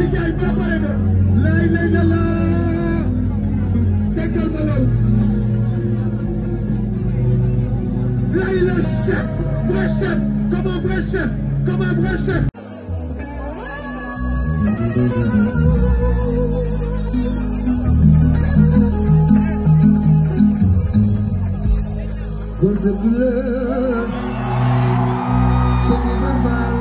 si jaay ba pare na lay lay na laa tegal ma lool lay le chef vrai chef comme un vrai chef comme un vrai chef góor de douleur c'est normal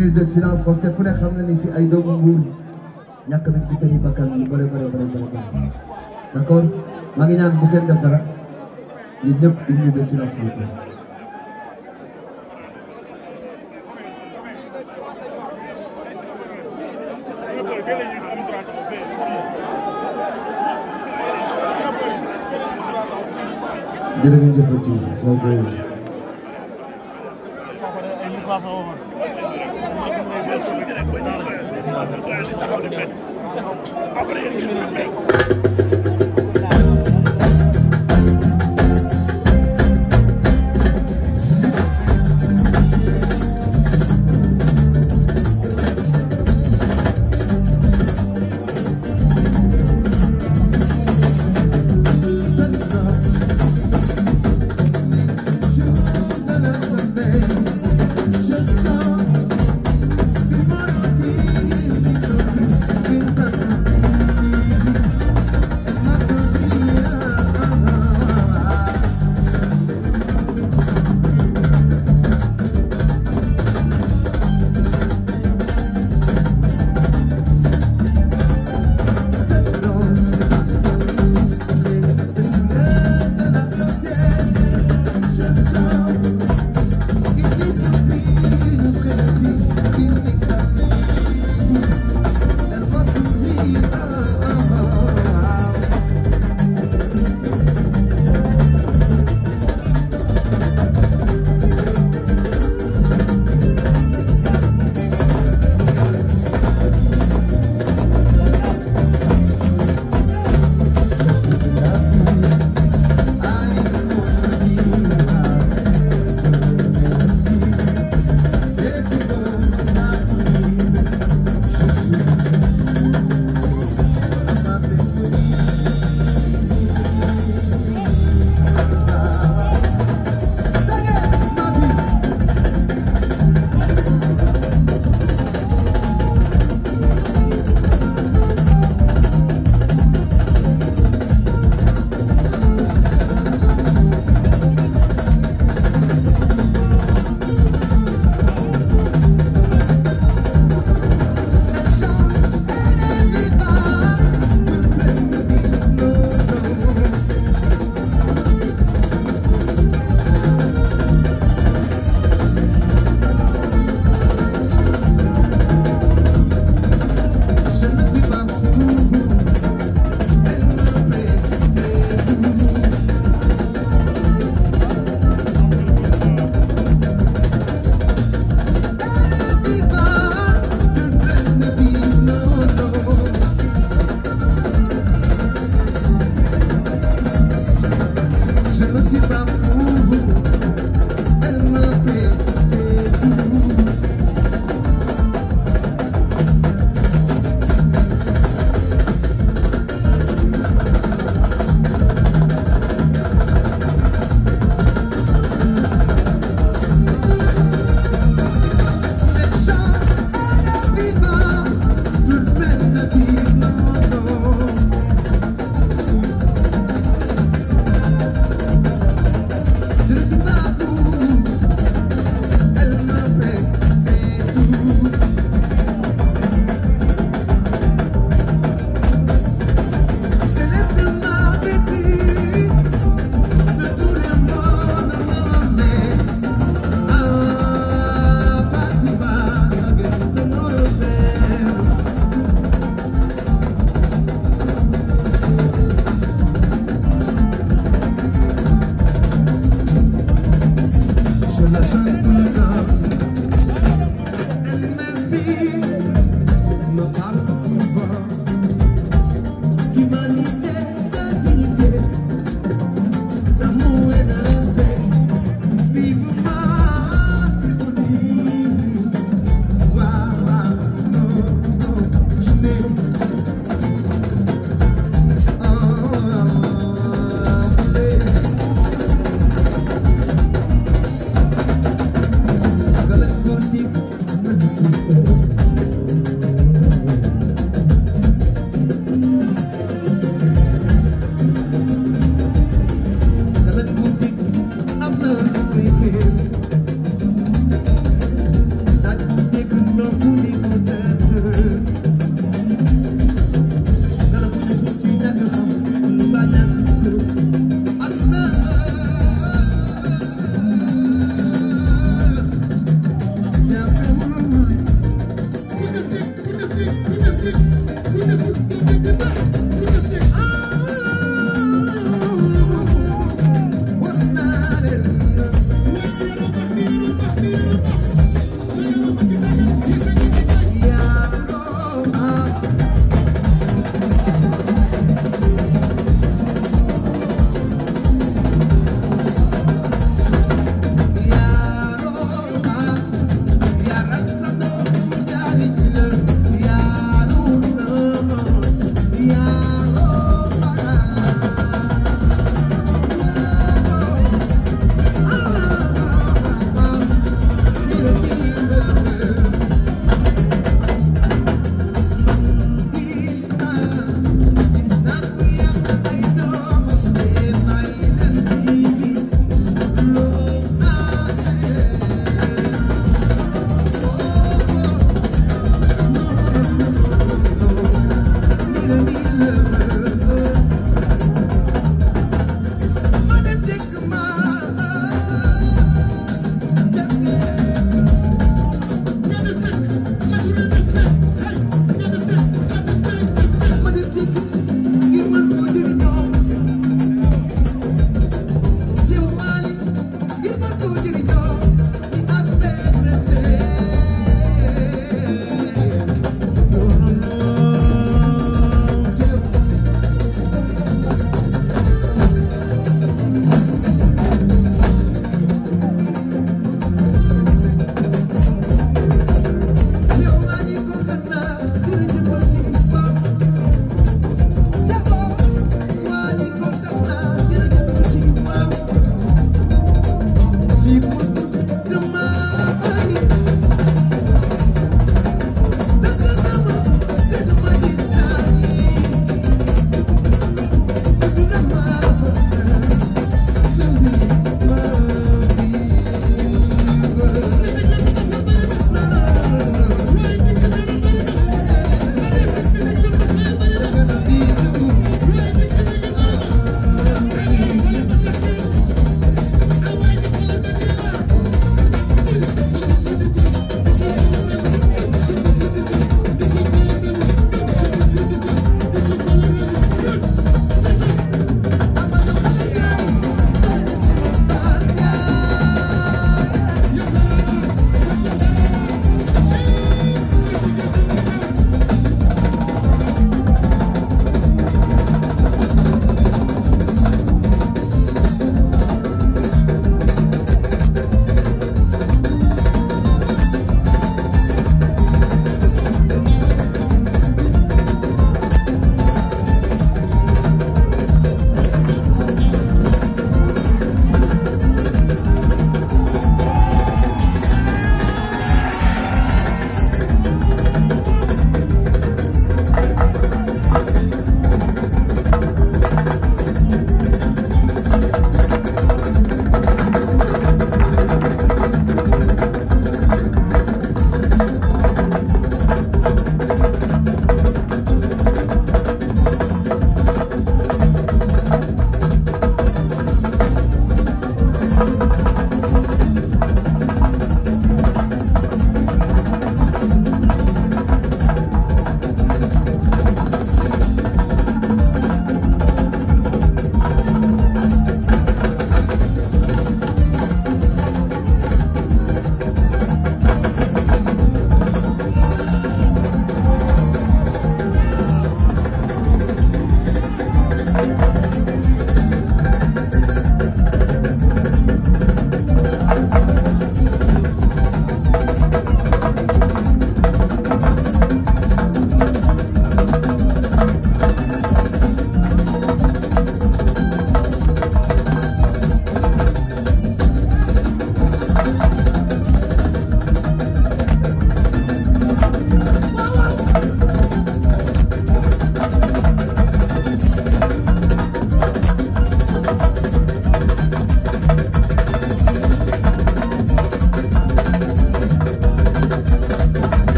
minutes de silence parce que ku ne xam na ni fi ay doomu Mbuur ñàkk nañ fi seen i bakkan yu bëri bëri bëri bëri d'accord maa ngi ñaan bu kenn def dara ñun ñëpp une minute de silence s'il vous plaît. jërë ngeen jëfati waaw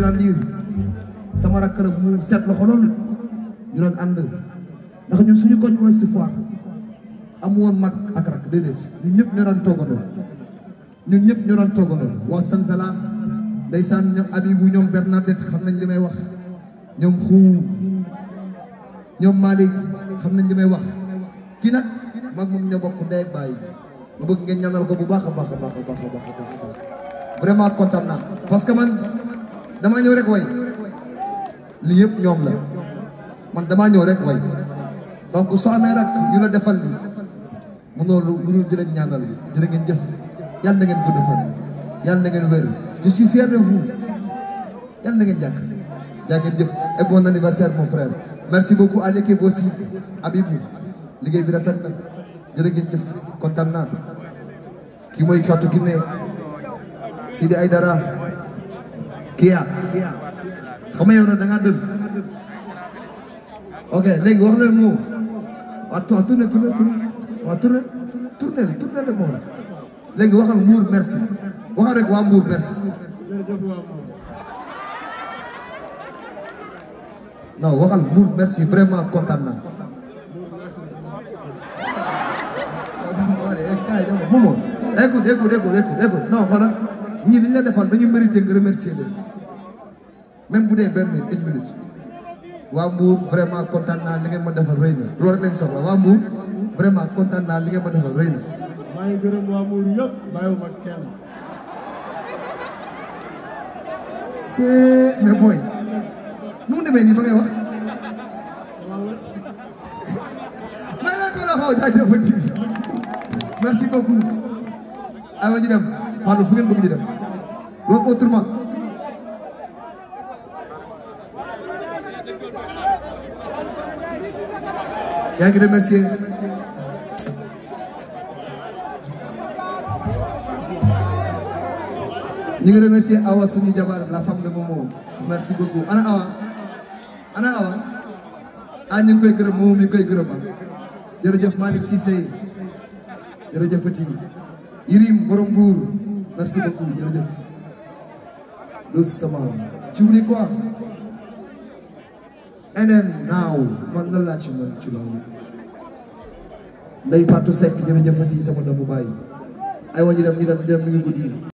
grandir sama rakk la mu seet loxo loolu ñu doon ànd ndax ñun suñu koñ Ouest Foire amu woon mag ak rakk déedéet ñun ñëpp ñoo doon toogandoo ñun ñëpp ñoo doon toogandoo waa Sanzala ndeysaan ñoom Abibou ñoom Bernadette xam nañ li may wax ñoom xuu ñoom Malick xam nañ li may wax kii nag mag moom ñoo bokk ndey ak baay ma bëgg ngeen ñaanal ko bu baax a baax a baax a baax a baax vraiment kontaan naa parce que man damaa ñëw rek way li yëpp ñoom la man damaa ñëw rek way donc soo amee rak yu la defal li mënoo lu lu ñu di leen ñaanal jërë ngeen jëf yàlla na ngeen gudd fan yàlla na ngeen wér je suis fier de vous yàlla na ngeen jàkk yaa ngeen bon anniversaire mon frère merci beaucoup à liggéey bi rafet na jërë ngeen jëf kontaan naa kii mooy kàttu Guinée Sidi Aïdara Kia xam nga yow nag da ngaa dëgg ok léegi wax leen moom waaw tourne tourne tourne waaw tourne tourne tourne le moom léegi waxal Mbour merci waxal rek waa Mbour merci non kontaan naa moom écoute écoute écoute écoute non xoolal ñi liñ la defal même bu dee benn une minute waa Mbour vraiment kontaan naa li ngeen ma defal rëy na loolu rek lañ soxla waa Mbour vraiment kontaan naa li ngeen ma defal rëy na. maa ngi gërëm waa Mbour yëpp bàyyiwuma kenn. c'est mais booy nu mu demee nii ba ngay wax. maa ngi koy waxoo jaajëfati merci beaucoup. aywa ñu dem Fallou fu ngeen bëgg ñu dem loolu autrement. yaa ngi remercier ñu ngi remercier Awa suñu la femme de Momo merci beaucoup ana Awa ana Awa ah ñu koy gërëm moom mi koy gërëm ah jërëjëf Malick Cissé jërëjëf Fatick Yirim borom Mbour merci beaucoup jërëjëf Lou sama ci wuli quoi. NN Now man la laa ci nday Fatou Seck jërëjëfati sama doomu baay ay wa ay dem ñu dem ñu dem ñu ngi guddi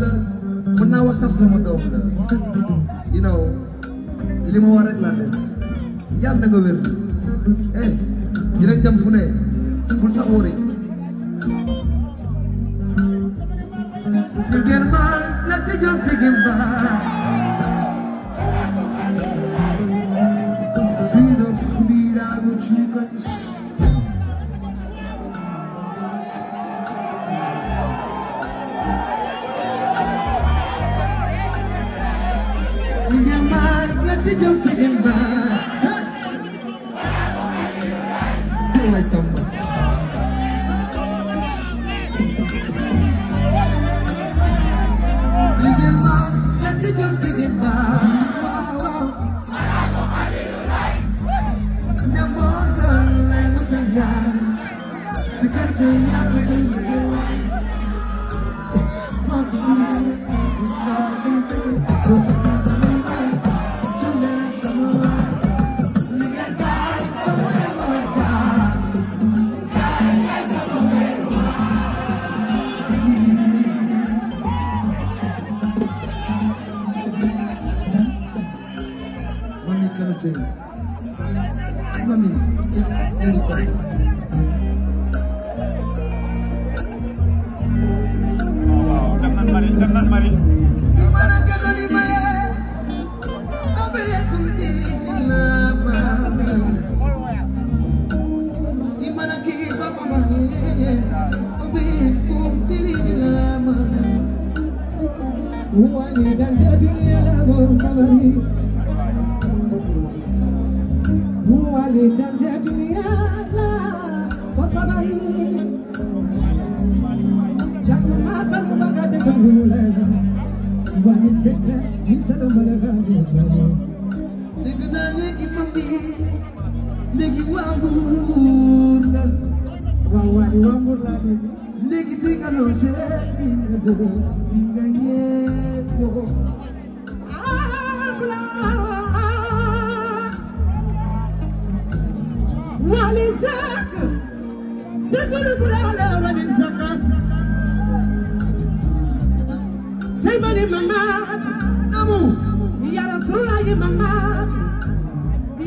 rakk la mën naa wax sax sama doom la you know li ma war rek laa def yàlla na nga wér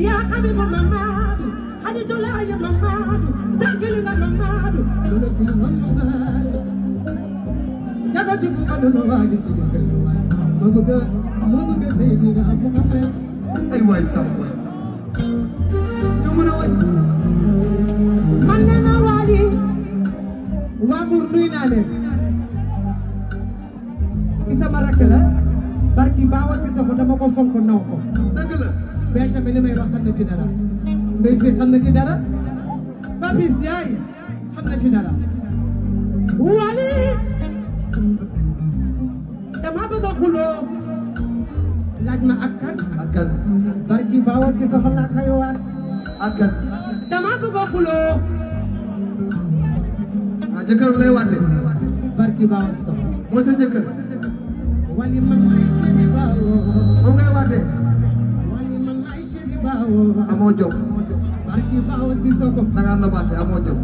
يا حبيب ممادو حديث لا يا ممادو سجلنا ممادو لوكو ممادو جاكا جبو كانو واجي سيدي كانو واجي مبغا مبغا سيدنا محمد اي واي سامبا يومنا واي مننا واجي وامور نوينا لين isa baraka la barki bawa ci dafa dama ko fonko naw ko Benjamin li may wax xam ci dara Mbaye Sy xam na ci ci dara Wally dama bëgg a xuloo laaj ma ak kan barki baawa si soxla a xuloo a jëkkër lay waate barki baawa si soxla mooy sa jëkkër Wally man mooy seeni baawo moom ngay amoo jom barki baaw Sissoko da nga nobaate amoo jom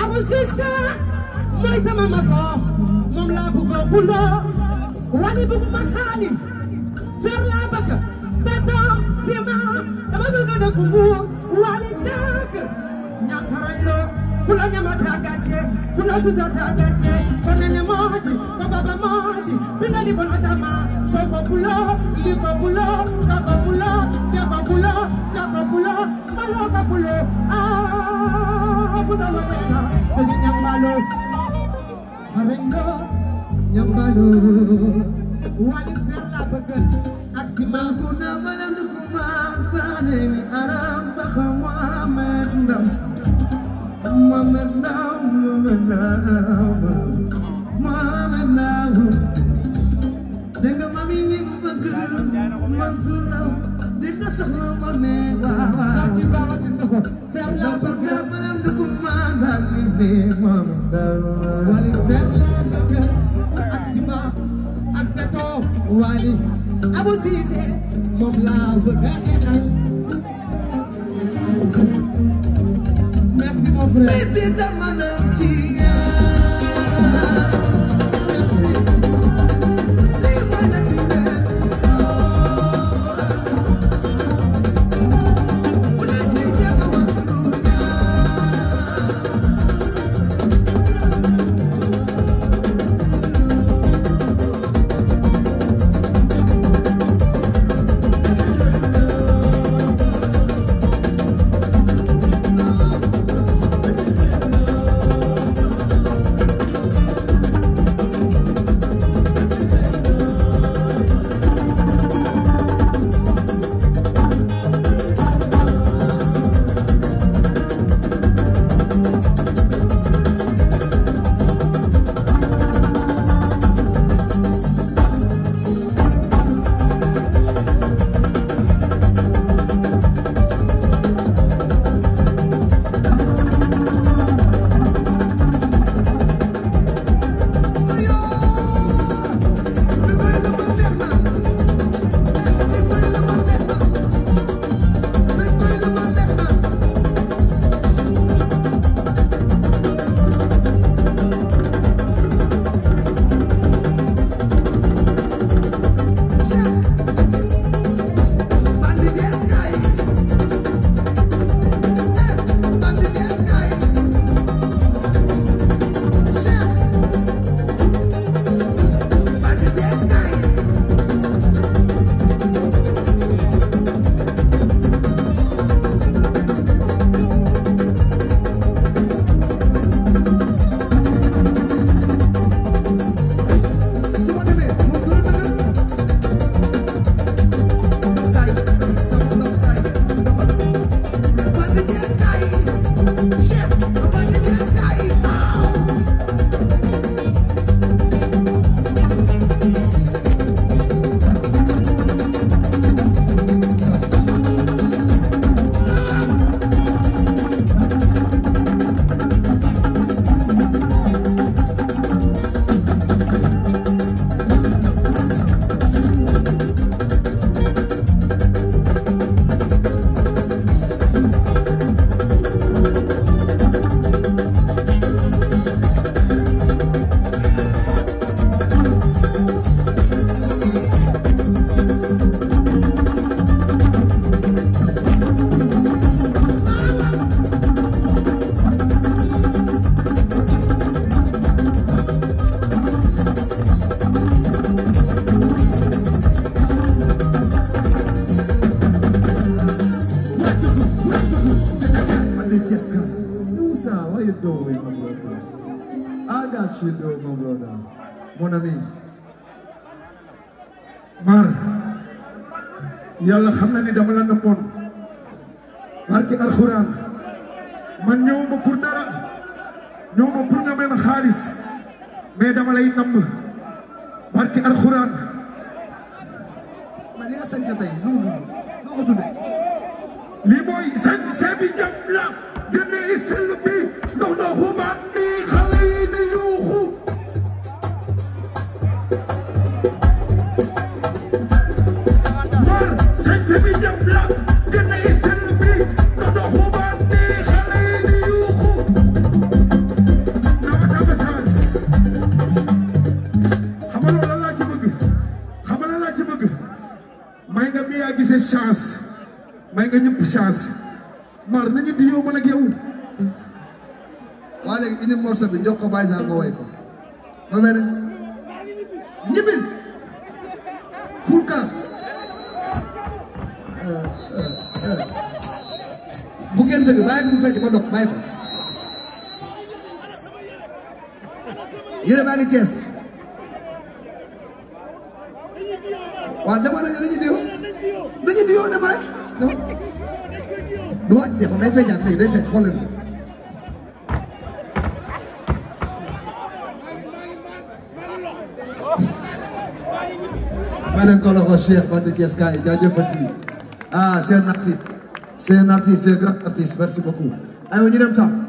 Abou Cissé mooy sama mago moom laa bëgg a xuloo wala bëgguma xaalis fer laa bëgg béton ciment dama bëgg a dëkk mbuur wala ñàkk ñàkk fulanyama tagache fulasuza tagache kanene maji kababa maji bila libolodama sokobulo likobulo kakobulo yakabulo yakabulo balokabulo abuzalonena ah, sedi nyambalo farengo nyambalo wali fer la bëgg ak si mankuna malandukumaam saaneni aram taxa muhamed ndam Wali Abu Sise moom laa bëgg a Baby, dama na ci Thiès kaay jaajëfati ah c'est un artiste c'est un artiste c'est un grand artiste merci beaucoup ayo ñu dem tam